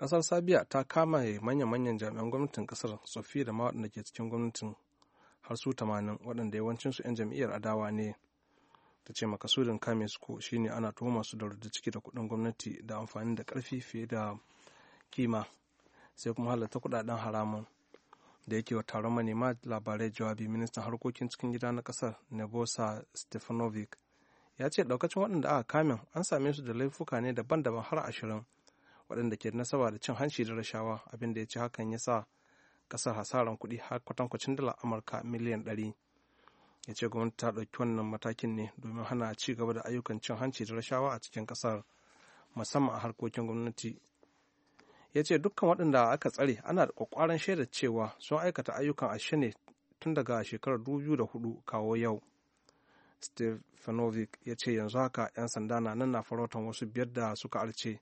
kasar sabiya ta kama manya-manyan jami'an gwamnatin kasar tsoffi da ma waɗanda ke cikin gwamnatin har su tamanin waɗanda yawancin su 'yan jam'iyyar adawa ne ta ce makasudin kame su ko shine ana tuhuma su da rudi ciki da kuɗin gwamnati da amfani da ƙarfi fiye da kima sai kuma halatta kuɗaɗen haramun da yake wa taron manema labarai jawabi ministan harkokin cikin gida na kasar nebosa stefanovic ya ce ɗaukacin waɗanda aka kamen an same su da laifuka ne daban-daban har ashirin waɗanda ke nasaba da cin hanci da rashawa abinda ya ci hakan ya sa ƙasar hasaran kuɗi har kwatankwacin dala amurka miliyan ɗari ya ce gwamnati ta ɗauki wannan matakin ne domin hana ci gaba da ayyukan cin hanci da rashawa a cikin ƙasar musamman a harkokin gwamnati ya ce dukkan waɗanda aka tsare ana da ƙwaƙwaran shaidar cewa sun aikata ayyukan ashe ne tun daga shekarar hudu kawo yau stefanovic ya ce yanzu haka 'yan sanda na nan na farautan wasu biyar da suka arce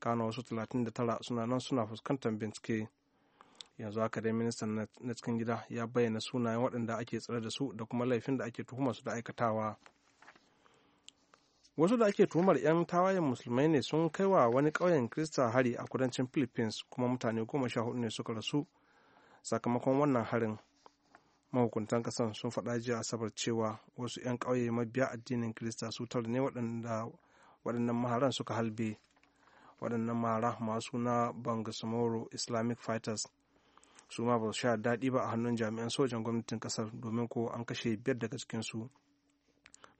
kano wasu 39 suna nan suna fuskantar bincike yanzu haka dai ministan na cikin gida ya bayyana sunayen waɗanda ake tsare da su da kuma laifin da ake tuhumar su da aikatawa wasu da ake tuhumar 'yan tawayen musulmai ne sun kai wa wani ƙauyen krista hari a kudancin philippines kuma mutane goma sha hudu ne suka rasu sakamakon wannan harin mahukuntan kasan sun faɗa jiya asabar cewa wasu 'yan ƙauye mabiya addinin krista su tara ne waɗannan maharan suka halbe waɗannan mara masu na bangasamoro islamic fighters su ma ba su sha daɗi ba a hannun jami'an sojan gwamnatin ƙasar domin ko an kashe biyar daga cikinsu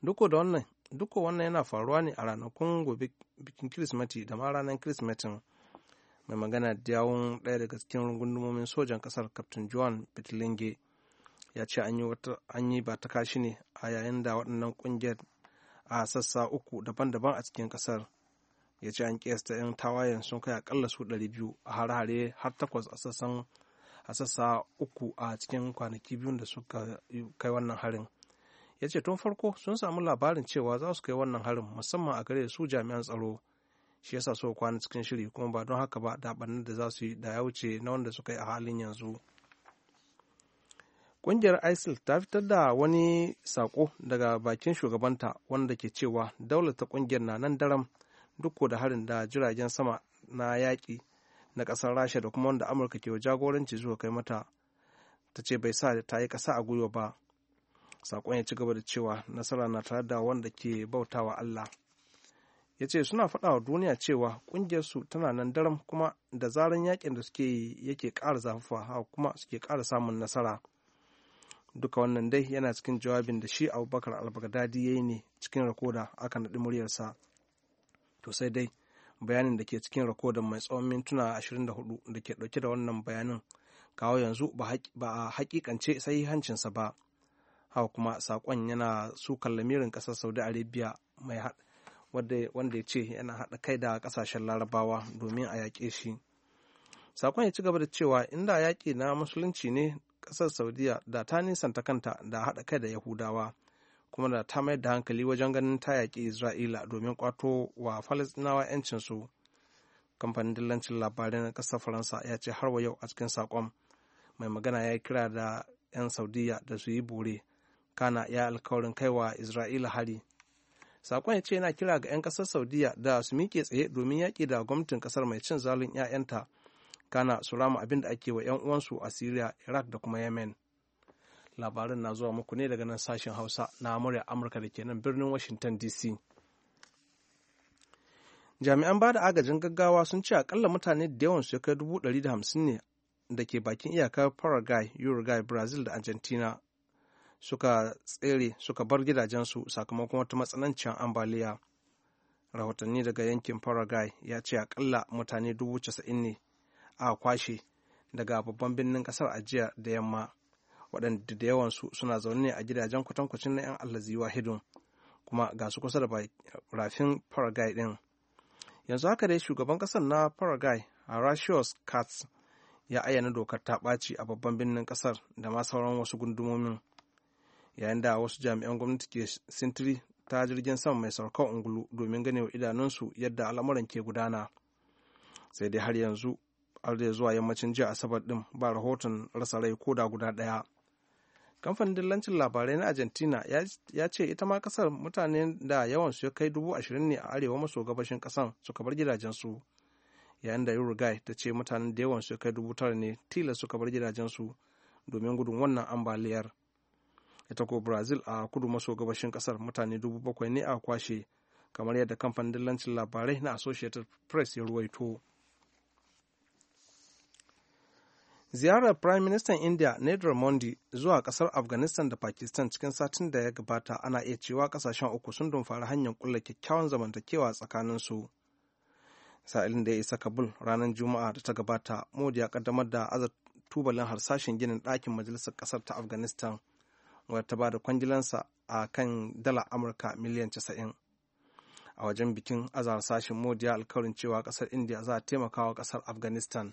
duk da wannan duk wannan yana faruwa ne a ranakun gobe bikin kirismeti da ma ranar kirismetin mai magana da yawun ɗaya daga cikin rungundumomin sojan ƙasar captain john bitlinge ya ce an yi ba ta kashi ne a yayin da waɗannan ƙungiyar a sassa uku daban-daban a cikin ƙasar ya ce an kiyasta 'yan tawayen sun kai akalla su 200 a hare-hare har takwas a sassan a sassa uku a cikin kwanaki biyun da suka kai wannan harin ya ce tun farko sun samu labarin cewa za su kai wannan harin musamman a gare su jami'an tsaro shi yasa suka kwana cikin shiri kuma ba don haka ba daɓannin da za su yi da ya wuce na wanda suka yi a halin yanzu ƙungiyar isil ta fitar da wani sako daga bakin shugabanta wanda ke cewa daular ta ƙungiyar na nan daram duk da harin da jiragen sama na yaƙi na ƙasar rasha da kuma wanda amurka ke jagoranci zuwa kai mata ta ce bai sa ta yi ƙasa a gwiwa ba saƙon ya ci gaba da cewa nasara na tare da wanda ke bautawa allah ya ce suna faɗa wa duniya cewa ƙungiyarsu tana nan daram kuma da zaran yaƙin da suke yi yake ƙara zafafa kuma suke ƙara samun nasara duka wannan dai yana cikin jawabin da shi abubakar albagdadi ya yi ne cikin rakoda aka naɗi muryarsa to sai dai bayanin da ke cikin rakodin mai tsawon mintuna 24 da ke ɗauke da wannan bayanin kawo yanzu ba a hakikance sai hancinsa ba hawa kuma sakon yana sukan lamirin ƙasar saudi arabia mai wanda ya ce yana haɗa kai da ƙasashen larabawa domin a yaƙe shi sakon ya ci gaba da cewa inda yaƙi na musulunci ne ƙasar saudiya da ta nisanta kanta da haɗa kai da yahudawa kuma da ta mayar da hankali wajen ganin ta yaƙi isra'ila domin kwato wa falastinawa 'yancinsu kamfanin dillancin labarai na ƙasar faransa ya ce har wa yau a cikin saƙon mai magana ya kira da 'yan saudiya da su yi bore kana ya alkawarin kaiwa isra'ila hari saƙon ya ce yana kira ga 'yan ƙasar saudiya da su miƙe tsaye domin yaƙi da gwamnatin ƙasar mai cin zalin 'ya'yanta kana su rama abin da ake wa 'yan uwansu a syria iraq da kuma yemen labaran na zuwa muku ne daga nan sashen hausa na murya amurka da ke nan birnin washington dc jami'an ba da agajin gaggawa sun ce akalla mutane da yawan su kai dubu ɗari da hamsin ne da ke bakin iyakar paraguay uruguay brazil da argentina suka tsere suka bar gidajensu sakamakon wata matsanancin ambaliya rahotanni daga yankin paraguay ya ce akalla mutane dubu casa'in ne a kwashe daga babban birnin kasar ajiya da yamma waɗanda da yawansu suna zaune ne a gidajen kwatankwacin na 'yan allazi wahidun kuma ga su kusa da rafin paraguay ɗin yanzu haka dai shugaban ƙasar na paraguay horatius katz ya ayyana dokar ta ɓaci a babban birnin ƙasar da ma sauran wasu gundumomin yayin da wasu jami'an gwamnati ke sintiri ta jirgin sama mai saukar ungulu domin gane wa idanunsu yadda al'amuran ke gudana sai dai har yanzu har da zuwa yammacin jiya asabar ɗin ba rahoton rasa rai ko da guda ɗaya kamfanin dillancin labarai na argentina ya ce ita ma kasar mutane da yawan su ya kai dubu ashirin ne a arewa maso gabashin kasan suka bar gidajensu yayin da uruguay ta ce mutane da yawan su ya kai dubu tara ne tilas suka bar gidajensu domin gudun wannan ambaliyar ita ko brazil a kudu maso gabashin kasar mutane dubu bakwai ne a kwashe kamar yadda kamfanin dillancin labarai na associated press ya ruwaito. ziyarar prime minister india narendra modi zuwa kasar afghanistan da pakistan cikin satin da ya gabata ana iya cewa kasashen uku sun dumfari hanyar kulla kyakkyawan zamantakewa tsakanin su sa'ilin da ya isa kabul ranar juma'a da ta gabata modi ya kaddamar da azar tubalin harsashen ginin dakin majalisar kasar ta afghanistan wadda ta bada kwangilansa a kan dala amurka miliyan 90 a wajen bikin azar sashen modi ya alkawarin cewa kasar india za a taimaka wa ƙasar afghanistan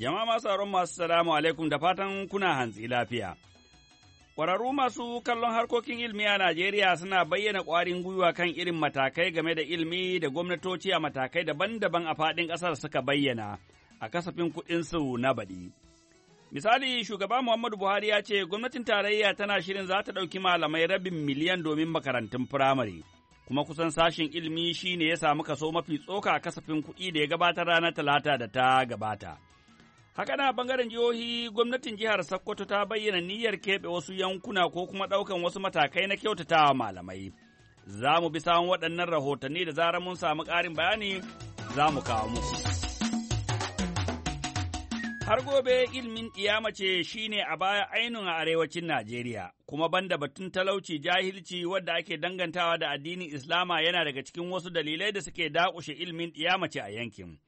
Jama'a masu tsaron masu salamu alaikum da fatan kuna hantsi lafiya. Ƙwararru masu kallon harkokin ilimi a Najeriya suna bayyana ƙwarin gwiwa kan irin matakai game da ilmi da gwamnatoci a matakai daban-daban a faɗin ƙasar suka bayyana a kasafin kuɗinsu na baɗi. Misali, shugaba Muhammadu Buhari ya ce gwamnatin tarayya tana shirin za ta ɗauki malamai rabin miliyan domin makarantun firamare, kuma kusan sashen ilmi shi ne ya samu kaso mafi tsoka a kasafin kuɗi da ya gabatar ranar Talata da ta gabata. Haka na bangaren jihohi gwamnatin jihar Sokoto ta bayyana niyyar keɓe wasu yankuna ko kuma ɗaukan wasu matakai na kyautatawa malamai. Za mu bi samun waɗannan rahotanni da zarar mun samu ƙarin bayani za mu kawo musu. Har gobe ilmin ƙiyama ce shine a baya ainun a arewacin Najeriya, kuma banda batun talauci jahilci wadda ake dangantawa da addinin Islama yana daga cikin wasu dalilai da suke daƙushe ilmin ƙiyama ce a yankin.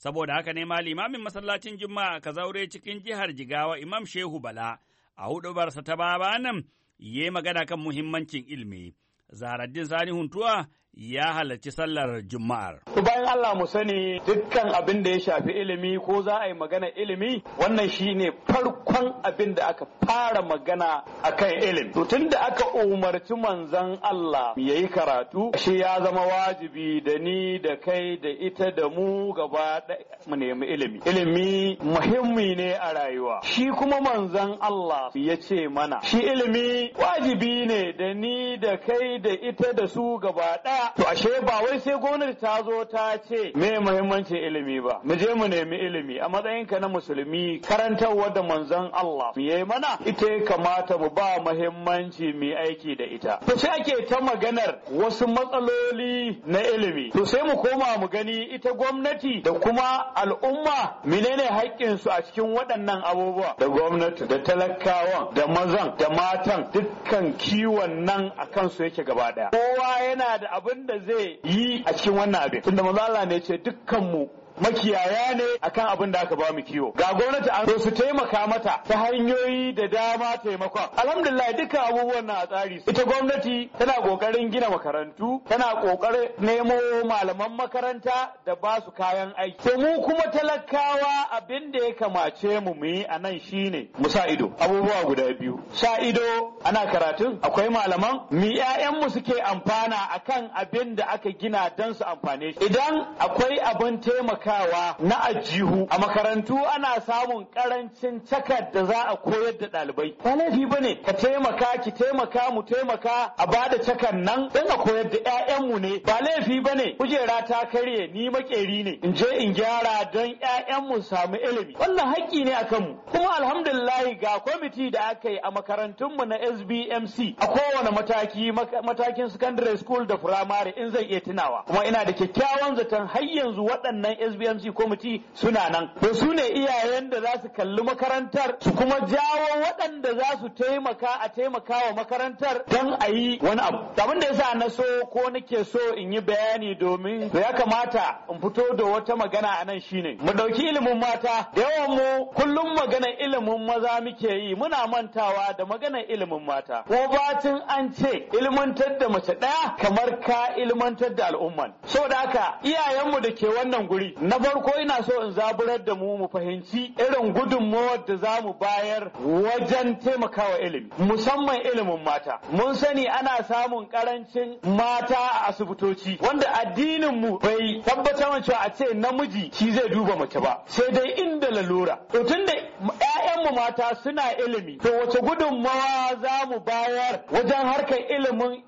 Saboda haka ne ma limamin masallacin Juma'a ka zaure cikin jihar Jigawa Imam Shehu Bala a huɗubarsa ta baba nan yi magana kan muhimmancin ilimi. Zaraddin Sani Huntuwa ya halarci sallar Juma'ar. Bayan Allah mu sani dukkan abin da ya shafi ilimi ko za a yi magana ilimi wannan shi ne farkon abin da aka fara magana a kan ilimi. tun da aka umarci manzan Allah ya yi karatu shi ya zama wajibi da ni da kai da ita da mu gaba mu nemi ilimi. Ilimi muhimmi ne a rayuwa. Shi kuma manzan Allah ya ce mana shi ilimi wajibi ne da ni da kai da ita da su gaba to ashe ba wai sai gwamnati ta zo ta ce me muhimmancin ilimi ba mu je mu nemi ilimi a matsayin ka na musulmi karantarwa da manzon Allah yi mana ita ya kamata mu ba muhimmanci mu aiki da ita to sai ake ta maganar wasu matsaloli na ilimi to sai mu koma mu gani ita gwamnati da kuma al'umma menene haƙƙin su a cikin waɗannan abubuwa da gwamnati da talakawan da mazan da matan dukkan kiwon nan a kansu yake gaba ɗaya kowa yana da abu abin da zai yi a cikin wannan abin tunda manzo Allah ne ce dukkan mu makiyaya ne akan abin da aka ba mu kiwo ga gwamnati an su taimaka mata ta hanyoyi da dama taimakon alhamdulillah duka abubuwan na a tsari ita gwamnati tana kokarin gina makarantu tana kokarin nemo malaman makaranta da ba su kayan aiki to mu kuma talakawa abin da ya kamace mu mu yi a nan shine mu sa ido abubuwa guda biyu sa ido ana karatun akwai malaman mi mu suke amfana akan abin da aka gina don su amfane shi idan akwai abin taimaka taimakawa na ajihu a makarantu ana samun karancin cakar da za a koyar da ɗalibai ba laifi ba ne ka taimaka ki taimaka mu taimaka a bada cakar nan don a koyar da ƴaƴanmu ne ba laifi ba ne kujera ta karye ni makeri ne in je in gyara don su samu ilimi wannan haƙƙi ne a kanmu kuma alhamdulillahi ga kwamiti da aka yi a makarantunmu na sbmc a kowane mataki matakin secondary school da primary in zan iya tunawa kuma ina da kyakkyawan zaton har yanzu waɗannan sbmc NBMC kwamiti suna nan. To su ne iyayen da za su kalli makarantar su kuma jawo waɗanda za su taimaka a taimaka wa makarantar don a yi wani abu. Abin da yasa na so ko nake so in yi bayani domin da ya kamata in fito da wata magana a nan shine. Mu ɗauki ilimin mata da yawan mu kullum magana ilimin maza muke yi muna mantawa da magana ilimin mata. Ko batun an ce ilmantar da mace ɗaya kamar ka ilmantar da al'umman. Saboda haka iyayenmu da ke wannan guri na farko ina so in zaburar da mu mu fahimci irin gudunmawar da za mu bayar wajen taimakawa ilimi musamman ilimin mata mun sani ana samun karancin mata a asibitoci wanda addinin mu bai tabbatar cewa a ce namiji shi zai duba mace ba sai dai inda lalura to tunda ya'yanmu mata suna ilimi to wace gudunmawa za mu bayar wajen harkar ilimin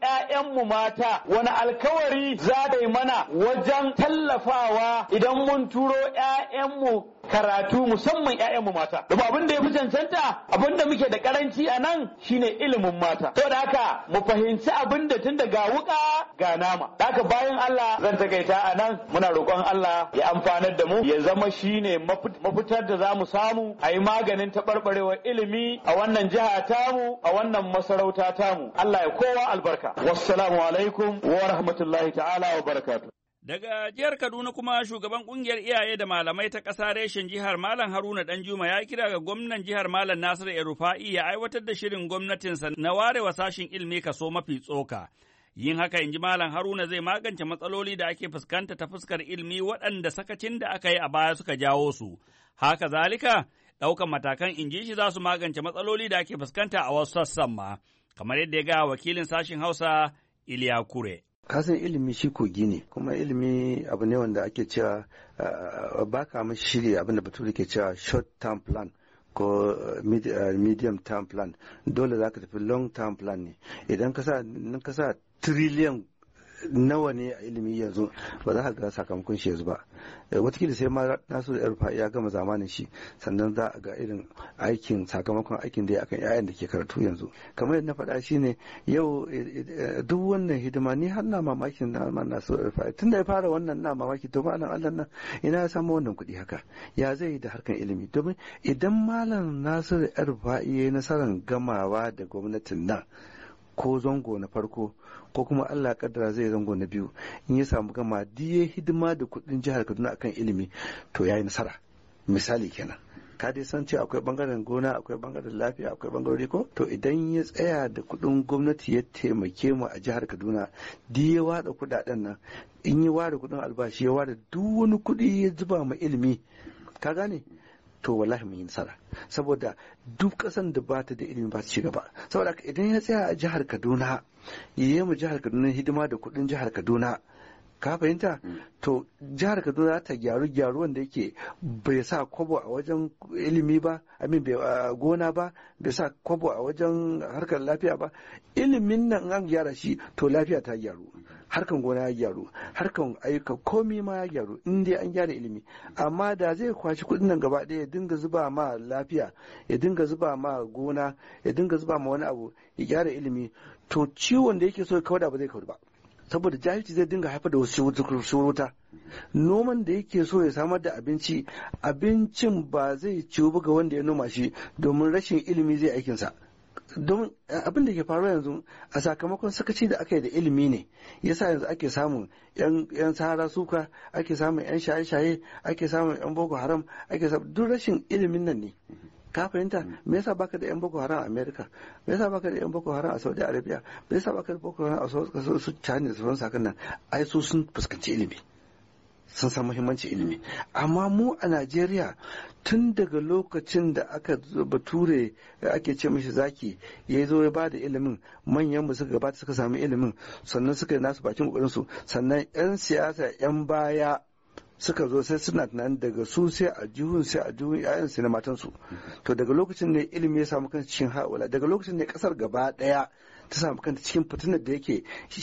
mu mata wani alkawari za ta yi mana wajen tallafawa idan mun turo ‘ya'yanmu karatu musamman ‘ya'yanmu mata. Domin abin da ya fi cancanta abin da muke da karanci a nan shine ilimin mata. da haka mu fahimci abin da tun ga wuka ga nama. Haka bayan Allah zan takaita a nan muna roƙon Allah ya amfanar da mu ya zama shine mafitar da za mu samu a yi maganin taɓarɓarewar ilimi a wannan jiha tamu a wannan masarauta tamu. Allah ya kowa albarka. Wassalamu alaikum wa rahmatullahi ta'ala wa barakatuh. Daga jihar Kaduna kuma shugaban kungiyar iyaye da malamai ta ƙasa reshen jihar Malam Haruna Danjuma ya kira ga gwamnan jihar Malam Nasir Erufa'i ya aiwatar da shirin gwamnatinsa na ware wa sashen ilimi kaso mafi tsoka. Yin haka in ji Malam Haruna zai magance matsaloli da ake fuskanta ta fuskar ilimi waɗanda sakacin da aka yi a baya suka jawo su. Haka zalika, ɗaukan matakan in ji shi za su magance matsaloli da ake fuskanta a wasu sassan ma, kamar yadda ya ga wakilin sashen Hausa Iliya Kure. kasan ilimi shi kogi ne kuma ilimi abu ne wanda ake cewa ah, ba baka mashi shirya abin da bature ke cewa short term plan ko ah, ah, medium term plan dole za ka tafi long term plan ne idan ka sa trillion. nawa ne a ilimi yanzu ba za ka ga sakamakon shi yanzu ba eh, watakila sai ma nasu da rufa ya gama zamanin shi sannan za a ga irin aikin sakamakon aikin da ya akan yayan da ke karatu yanzu kamar yadda na faɗa shi ne yau eh, eh, duk wannan hidima ni har na mamakin na ma nasu da rufa tun da ya fara wannan na mamaki to malam Allah nan ina ya samu wannan kuɗi haka ya zai yi da harkan ilimi domin idan malam Nasiru yar ya yi nasarar gamawa da gwamnatin nan ko zango na farko ko kuma Allah kaddara zai zango na biyu in ya samu gama diye hidima da kudin jihar Kaduna akan ilimi to yayi nasara misali kenan ka dai san ce akwai bangaren gona akwai bangaren lafiya akwai bangaren riko. to idan ya tsaya da kudin gwamnati ya taimake mu a jihar Kaduna diye wada kudaden nan in ya ware kudin albashi ya ware duk wani kudi ya zuba ma ilimi ka gane to wallahi mun yi nasara saboda duk kasan da ba ta da ilimi ba ta ci gaba saboda idan ya tsaya a jihar Kaduna ya yi mu jihar Kaduna hidima da kuɗin jihar Kaduna ka fahimta mm. to jihar kaduna ta gyaru gyaruwan da yake bai sa kwabo a wajen ilimi ba amin bai uh, gona ba bai sa kwabo a wajen harkar lafiya ba ilimin nan an gyara shi to lafiya ta gyaru harkan gona ya gyaru harkan ayyuka komi ma ya gyaru in dai an gyara ilimi amma da zai kwashi kuɗin nan gaba ɗaya ya dinga zuba ma lafiya ya dinga zuba ma gona ya dinga zuba ma wani abu ya gyara ilimi to ciwon da yake so ya kauda ba zai kawar ba saboda jahilci zai dinga haifar da wasu wuta. noman da yake so ya samar da abinci abincin ba zai ciwo ba ga wanda ya noma shi domin rashin ilimi zai aikinsa don eh, abin da ke faruwa yanzu a sakamakon sakaci da aka yi da ilimi ne yasa yanzu ake samun yan sahara suka ake samun yan shaye-shaye ake samun yan boko haram ake samun duk rashin ilimin nan ne ka fahimta me yasa baka da yan boko haram a america me yasa baka da yan boko haram a saudi arabia me yasa baka da boko haram a su china da sauransu nan ai su sun fuskanci ilimi sun san muhimmanci ilimi amma mu a najeriya tun daga lokacin da aka bature ake ce mishi zaki ya zo ya ba da ilimin manyan mu suka gabata suka samu ilimin sannan suka yi nasu bakin kokarinsu sannan 'yan siyasa 'yan baya suka zo sai suna tunanin daga su sai a juhun sai a juhun yayan su na matansu to daga lokacin ne ilimi ya samu kan cikin hawala daga lokacin ne kasar gaba daya ta samu kanta cikin fitinar da yake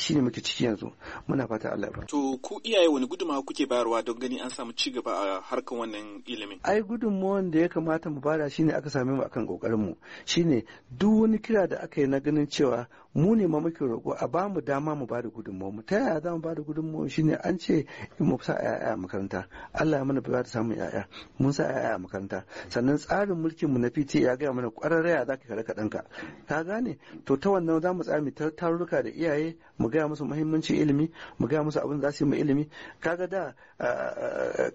ne muke ciki yanzu muna fata Allah ya to ku iyaye wani gudunmawa kuke bayarwa don gani an samu ci gaba a harkar wannan ilimin ai gudummawan da ya kamata mu bada shine aka same mu akan kokarin mu shine duk wani kira da aka yi na ganin cewa mu ne ma muke roƙo a ba mu dama mu bada gudunmawa mu ta yaya za mu bada gudunmawa shine an ce in mu sa yaya a makaranta Allah ya mana ba ta samu yaya mun sa yaya a makaranta sannan tsarin mulkin mu na fiti ya gaya mana kwararre za ka kare ka ɗanka ka gane to ta wannan za mu tsaya mu tarurruka da iyaye mu gaya musu muhimmancin ilimi mu gaya musu abin za su yi mu ilimi kaga da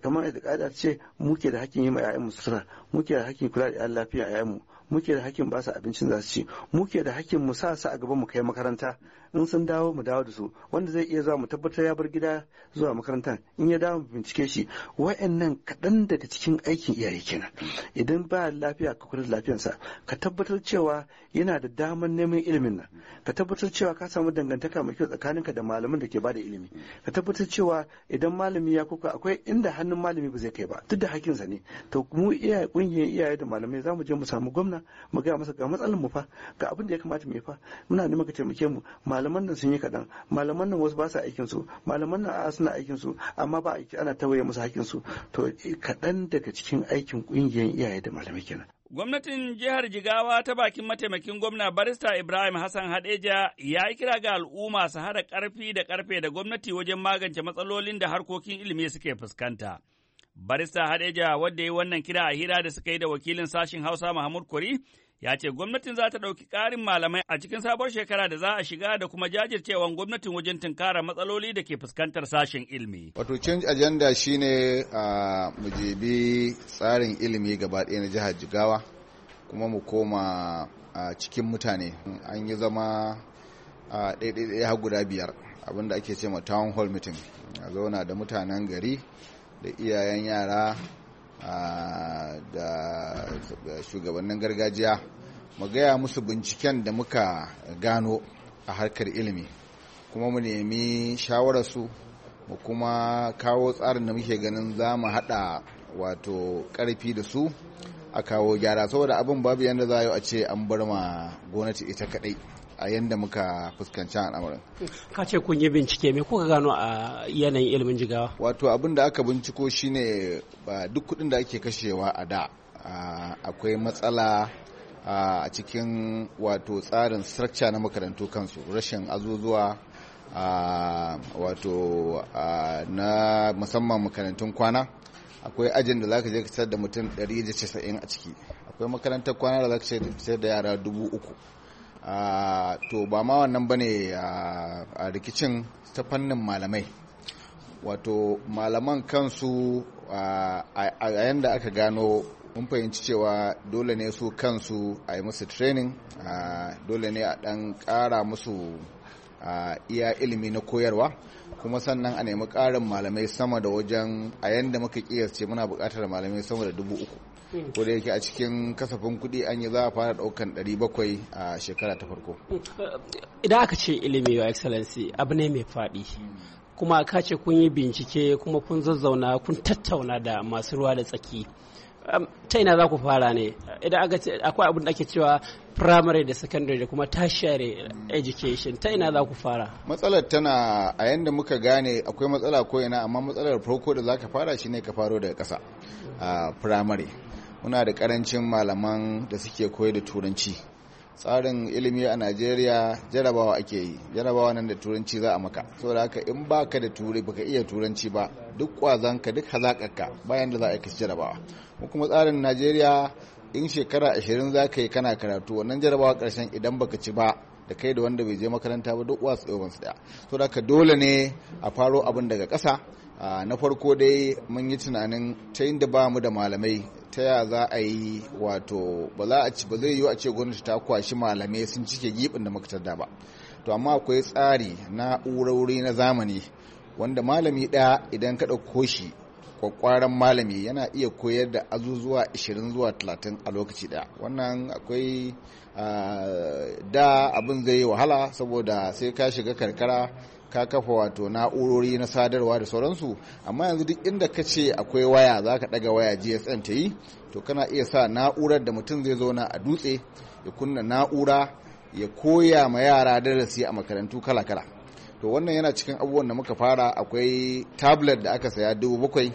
kamar da kada ce muke da hakkin yi ma 'ya'yan mu sutura muke da hakkin kula da 'yan lafiya 'ya'yan mu muke da hakkin ba su abincin za su ci muke da hakkin mu sa su a gaba mu kai makaranta in sun dawo mu dawo da su wanda zai iya zuwa mu tabbatar ya bar gida zuwa makaranta in ya dawo mu bincike shi wa'annan kaɗan daga cikin aikin iyaye kenan idan ba lafiya ka kula da lafiyarsa ka tabbatar cewa yana da damar neman ilimin nan ka tabbatar cewa ka samu dangantaka mai kyau tsakaninka da malamin da ke bada ilimi ka tabbatar cewa idan malami ya kuka akwai inda hannun malami ba zai kai ba duk da hakinsa ne to mu iyaye kungiyar iyaye da malamai za mu je mu samu gwamna mu gaya masa ga matsalar mu fa ga abin da ya kamata mu yi fa muna neman ka taimake mu malaman nan sun yi kaɗan malaman nan wasu ba sa aikin su malaman nan a suna aikin su amma ba aiki ana tawaye musu hakkin su to kaɗan daga cikin aikin ƙungiyar iyaye da malamai kenan. Gwamnatin jihar Jigawa ta bakin mataimakin gwamna barista Ibrahim Hassan Hadeja ya yi kira ga al'umma su hada karfi da karfe da gwamnati wajen magance matsalolin da harkokin ilimi suke fuskanta. Barista Hadeja wadda ya yi wannan kira a hira da suka yi da wakilin sashen Hausa Mahmud Kori ya ce gwamnatin za ta ɗauki ƙarin malamai a cikin sabuwar shekara da za a shiga da kuma jajircewan gwamnatin wajen tunkara matsaloli da ke fuskantar sashen ilimi. Wato change agenda shine a mujibi tsarin ilimi gaba ɗaya na jihar Jigawa kuma mu koma a cikin mutane an yi zama a ɗaiɗaiɗaya guda biyar abinda ake ce ma town hall meeting a zauna da mutanen gari da iyayen yara da shugabannin gargajiya mu gaya musu binciken da muka gano a harkar ilimi kuma mu nemi shawararsu mu kuma kawo tsarin da muke ganin za mu haɗa wato ƙarfi da su a kawo gyara saboda abin babu yadda za a yi ce an bar ma gwamnati ita kadai a yadda muka fuskanci al'amarin. Ka ce kun yi bincike me kuka gano a yanayin ilimin jigawa? Wato abin da aka binciko shine ba duk kuɗin da ake kashewa a da akwai matsala a cikin wato tsarin structure na makarantu kansu rashin azuzuwa wato na musamman makarantun kwana akwai ajin da zaka je ka sayar da mutum 190 a ciki akwai makarantar kwana da zaka sayar da yara dubu uku to ba ma wannan bane a rikicin ta fannin malamai wato malaman kansu a yayin da aka gano mun fahimci cewa dole ne su kansu a yi musu training dole ne a dan kara musu iya ilimi na koyarwa kuma sannan a nemi ƙarin malamai sama da wajen a yadda muka kiyasce muna buƙatar malamai sama da dubu uku hmm. ko da yake a cikin kasafin kuɗi an yi za a fara ɗaukan ɗari bakwai a shekara ta farko hmm. idan aka ce ilimi wa excellency abu ne mai faɗi kuma ka ce kun yi bincike kuma kun zazzauna kun tattauna da masu ruwa da tsaki Um, ta ina za ku fara ne idan aka ce akwai abin da ake cewa primary da secondary da kuma tertiary education ta ina za ku fara matsalar tana a yanda muka gane akwai matsala ko ina amma matsalar farko da za ka fara ne ka faro daga ƙasa uh, primary muna da karancin malaman da suke koyar da turanci tsarin ilimi a najeriya jarabawa ake yi jarabawa nan da turanci za a maka saboda haka in baka da turai baka iya turanci ba duk kwazanka duk hazakarka bayan da za a kashi jarabawa kuma tsarin najeriya in shekara ashirin za ka yi kana karatu wannan jarabawa karshen idan baka ci ba da kai da wanda bai je makaranta ba duk wasu ɗaya so da dole ne a faro abin daga ƙasa na farko dai mun yi tunanin ta yin da ba mu da malamai ta ya za a yi wato ba za a ci ba zai yi a ce gwamnati ta kwashi malamai sun cike gibin da makatarda ba to amma akwai tsari na urori na zamani wanda malami ɗaya idan ka ɗauko shi kwakwaran malami yana iya koyar da azuzuwa 20 zuwa 30 a lokaci ɗaya wannan akwai da abin zai yi wahala saboda sai ka shiga karkara ka kafa wato na'urori na sadarwa da sauransu amma yanzu duk inda ka ce akwai waya za ka ɗaga waya gsm ta yi to kana iya sa na'urar da mutum zai zauna a dutse ya kunna na'ura ya koya ma yara darasi a makarantu kala-kala to wannan yana cikin abubuwan da muka fara akwai tablet da aka saya dubu bakwai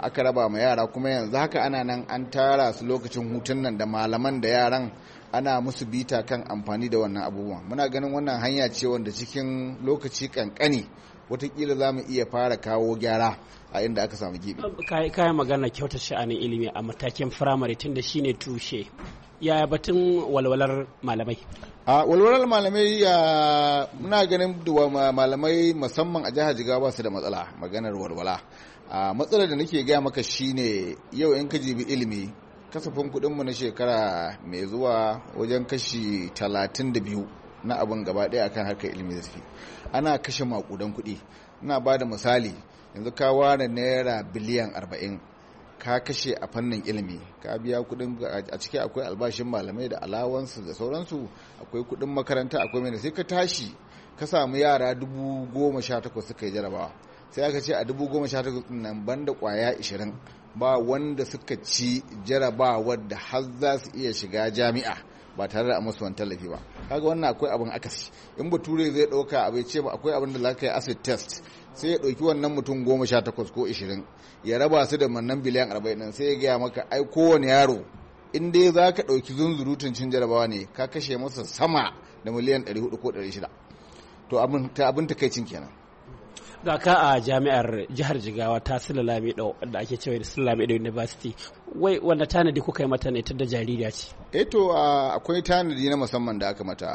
aka raba ma yara kuma yanzu haka ana nan an tara su lokacin hutun nan da malaman da yaran ana musu bita kan amfani da wannan abubuwan muna ganin wannan hanya ce wanda cikin lokaci kankani watakila za mu iya fara kawo gyara a inda aka samu gibi kayan magana kyautar sha'anin ilimi a matakin firamare tunda shine tushe yaya batun walwalar malamai a walwalar malamai ya muna ganin malamai musamman a jihar jigawa ba su da matsala maganar walwala a matsalar da nake gaya maka shine yau in ka jibi ilimi kasafin kuɗinmu na shekara mai zuwa wajen kashi 32 na abin gaba ɗaya akan harkar ilimin zirfi ana kashe makudan kuɗi ina ba da misali yanzu ka ware naira biliyan 40 ka kashe a fannin ilimi ka biya kuɗin a ciki akwai albashin malamai da alawansu da sauransu akwai kuɗin makaranta akwai mai sai ka tashi ka samu yara dubu goma sha takwas suka yi jarabawa sai aka ce a dubu goma sha takwas nan banda kwaya ishirin ba wanda suka ci jarabawar da har za su iya shiga jami'a ba tare da musu wani tallafi ba kaga wannan akwai abin akasi in bature zai dauka abai ce ba akwai abin da za ka yi acid test sai ya ɗauki wannan mutum goma sha takwas ko ishirin ya raba su da mannan biliyan arba'in ɗin sai ya gaya maka ai kowane yaro in dai za ka ɗauki zunzurutun cin jarabawa ne ka kashe masa sama da miliyan ɗari hudu ko ɗari shida to abin ta abin takaicin kenan ga a jami'ar jihar jigawa ta silalami da da ake cewa da silalami da university wai wanda tanadi kuka yi mata ne ta da jaririya ce eto eh akwai tanadi na musamman da aka mata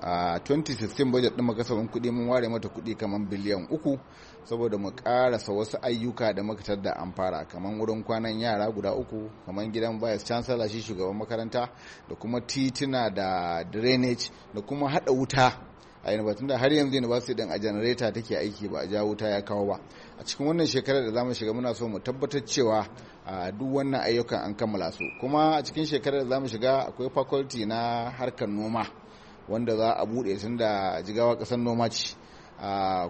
a 2016 budget din makasafin kuɗi mun ware mata kuɗi kamar biliyan uku saboda mu karasa wasu ayyuka da muka da an fara kamar wurin kwanan yara guda uku kamar gidan vice chancellor shi shugaban makaranta da kuma titina da drainage da kuma haɗa wuta a da har yanzu university din a janareta take aiki ba a ja wuta ya kawo ba a cikin wannan shekarar da zamu shiga muna so mu tabbatar cewa duk wannan ayyukan an kammala su kuma a cikin shekarar da zamu shiga akwai faculty na harkar noma wanda za a bude tun da jigawa kasar noma ce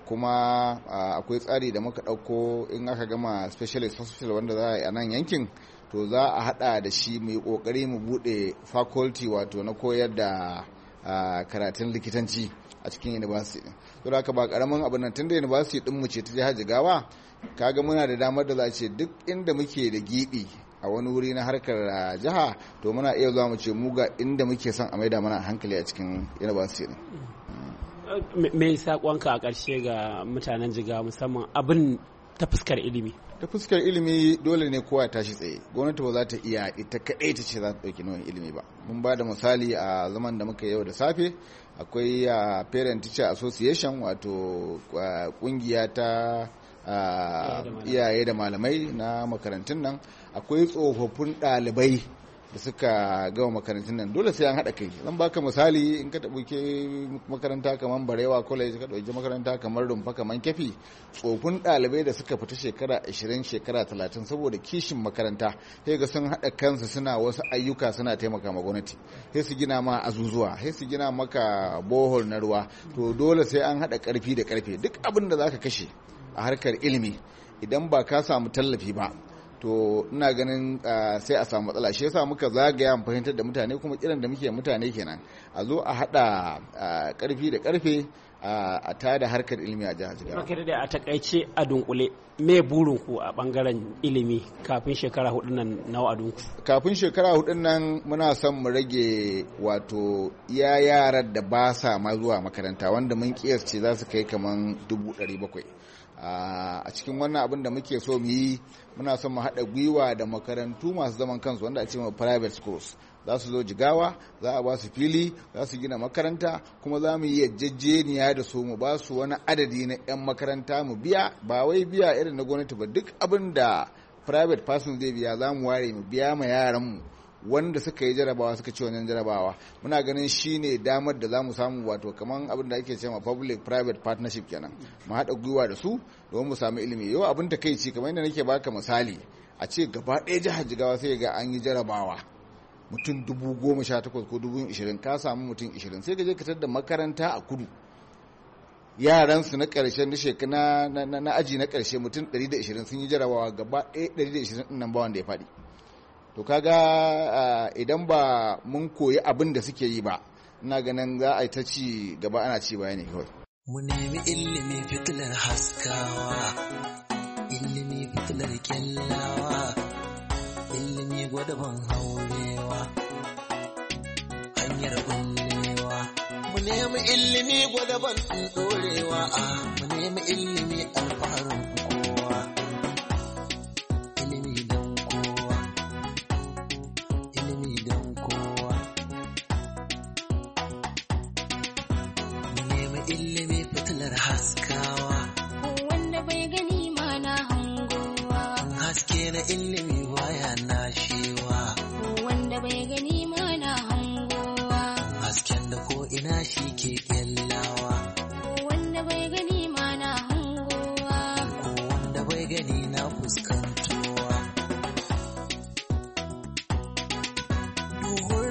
kuma akwai tsari da muka ɗauko in aka gama specialist hospital wanda za a yi a nan yankin to za a haɗa da shi mu yi kokari mu buɗe faculty wato na koyar da a karatun likitanci a cikin university din don haka ba karamin abin nan tunda university din mu ce ta jihar Jigawa kaga muna da damar da za ce duk inda muke da gibi a wani wuri na harkar jiha to muna iya zuwa mu ce mu ga inda muke son a maida mana hankali a cikin university din me sakonka a karshe ga mutanen Jigawa musamman abin ta fuskar ilimi ta fuskar ilimi dole ne kowa ya tashi tsaye gwamnati ba za ta iya ita kaɗai ta ce za ta ɗauki nauyin ilimi ba mun ba da misali a zaman da muka yau da safe akwai a parent teacher association wato kungiya ta iyaye da malamai na makarantun nan akwai tsofaffin ɗalibai da suka gama makarantun nan dole sai an haɗa kai zan baka misali in ka ke makaranta kamar barewa college ka ɗauki makaranta kamar rumfa kamar kefi tsofin ɗalibai da suka fita shekara 20 shekara 30 saboda kishin makaranta sai ga sun haɗa kansu suna wasu ayyuka suna taimaka ma gwamnati sai su gina ma azuzuwa sai su gina maka bohol na ruwa to dole sai an haɗa ƙarfi da ƙarfe duk abin da zaka kashe a harkar ilimi idan ba ka samu tallafi ba to ina ganin sai a samu matsala shi yasa muka zagaya mu fahimtar da mutane kuma kiran da muke mutane kenan a zo a haɗa karfi da karfe a da harkar ilimi a jihar Jigawa. Barka da a takaice a dunkule me burin ku a bangaren ilimi kafin shekara hudun nan nawa a dunku? Kafin shekara hudun nan muna son mu rage wato iya yaran da ba sa ma zuwa makaranta wanda mun kiyasce za su kai kamar dubu ɗari bakwai. a cikin wannan abin da muke so mu yi muna son mu haɗa gwiwa da makarantu masu zaman kansu wanda a ce private schools za su zo jigawa za a ba su fili za su gina makaranta kuma za mu yi yajjejeniya da su mu ba su wani adadi na 'yan makaranta mu biya ba wai biya irin na gwamnati ba duk abin da private person zai biya za mu ware mu biya ma yaran mu wanda suka yi jarabawa suka ci wannan jarabawa muna ganin shine damar da za mu samu wato kaman abin da ake cewa public private partnership kenan mu haɗa gwiwa da su domin mu samu ilimi yau abin da kai ci kamar yadda nake baka misali a ce gaba ɗaya jihar jigawa sai ga an yi jarabawa mutum dubu goma sha takwas ko dubu ishirin ka samu mutum ishirin sai ka je ka da makaranta a kudu yaran su na karshe na na aji na karshe mutum 120 sun yi jarabawa gaba 120 ɗin nan ba wanda ya faɗi to kaga idan ba mun koyi abin da suke yi ba ina ganin za a yi ta ci gaba ana ci baya ne kawai mu nemi ilimi fitilar haskawa ilimi fitilar kyallawa ilimi gwadabin haurewa hanyar bullewa mu nemi ilimi gwadabin dorewa ah, mu nemi ilimi alfaharin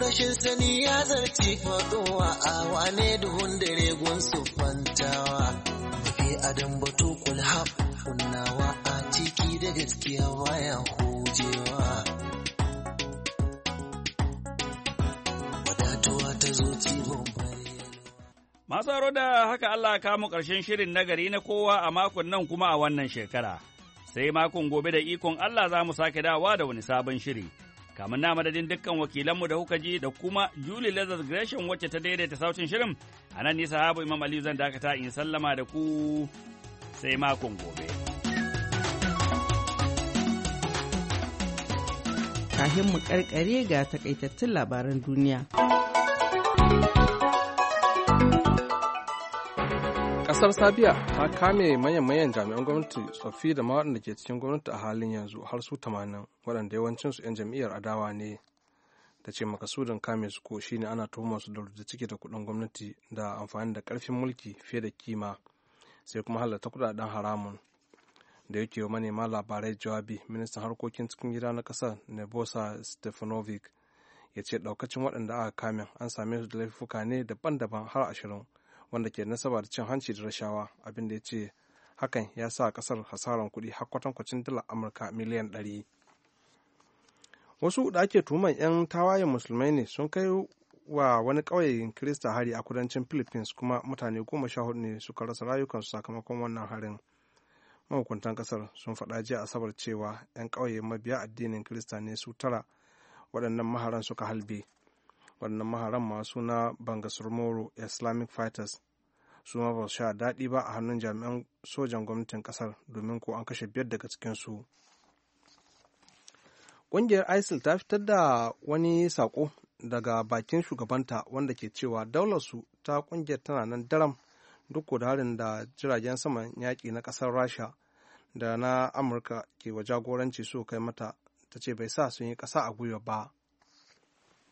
rashin sani ya zarci faɗowa a wane duhun dare gunsu fantawa fi adam batu kulhab kunnawa a ciki da gaskiya baya hujewa wadatuwa ta Masu da haka Allah kamu ƙarshen shirin nagari na kowa a makon nan kuma a wannan shekara. Sai makon gobe da ikon Allah za mu sake dawa da wani sabon shiri. kamar na madadin dukkan wakilanmu da kuka ji da kuma Julie Lazarus Gresham wacce ta daidaita sautin shirin, a nan nisa habu Imam Aliyu zan dakata in sallama da ku sai makon gobe. Kahin mu karkare ga takaitattun labaran duniya. Kasar Sabiya ta kame mayan manyan jami'an gwamnati tsoffi da ma waɗanda ke cikin gwamnati a halin yanzu har su tamanin waɗanda yawancinsu 'yan jam'iyyar adawa ne da ce makasudin kame su ko shine ana tuhumar su da rubuta ciki da kuɗin gwamnati da amfani da ƙarfin mulki fiye da kima sai kuma halatta kuɗaɗen haramun da yake wa manema labarai jawabi ministan harkokin cikin gida na ƙasar nebosa stefanovic ya ce ɗaukacin waɗanda aka kame an same su da laifuka ne daban-daban har ashirin wanda ke nasaba da cin hanci da rashawa abin da ya ce hakan ya sa kasar hasaran kuɗi har kwacin dala amurka miliyan ɗari. wasu da ake tuhuman 'yan tawayen musulmai ne sun kai wa wani ƙauyen kirista hari a kudancin philippines kuma mutane goma sha hudu ne suka rasa rayukansu sakamakon wannan harin mahukuntan kasar sun faɗa jiya asabar cewa 'yan ƙauye mabiya addinin kirista ne su tara waɗannan maharan suka halbe waɗannan maharan masu na bangasurmoro islamic fighters su ma ba sha daɗi ba a hannun jami'an sojan gwamnatin ƙasar domin ko an kashe biyar daga cikinsu ƙungiyar isil ta fitar da wani saƙo daga bakin shugabanta wanda ke cewa daular su ta ƙungiyar tana nan daram duk da harin da jiragen saman yaƙi na ƙasar rasha da na amurka ke wa jagoranci su kai mata ta ce bai sa sun yi ƙasa a gwiwa ba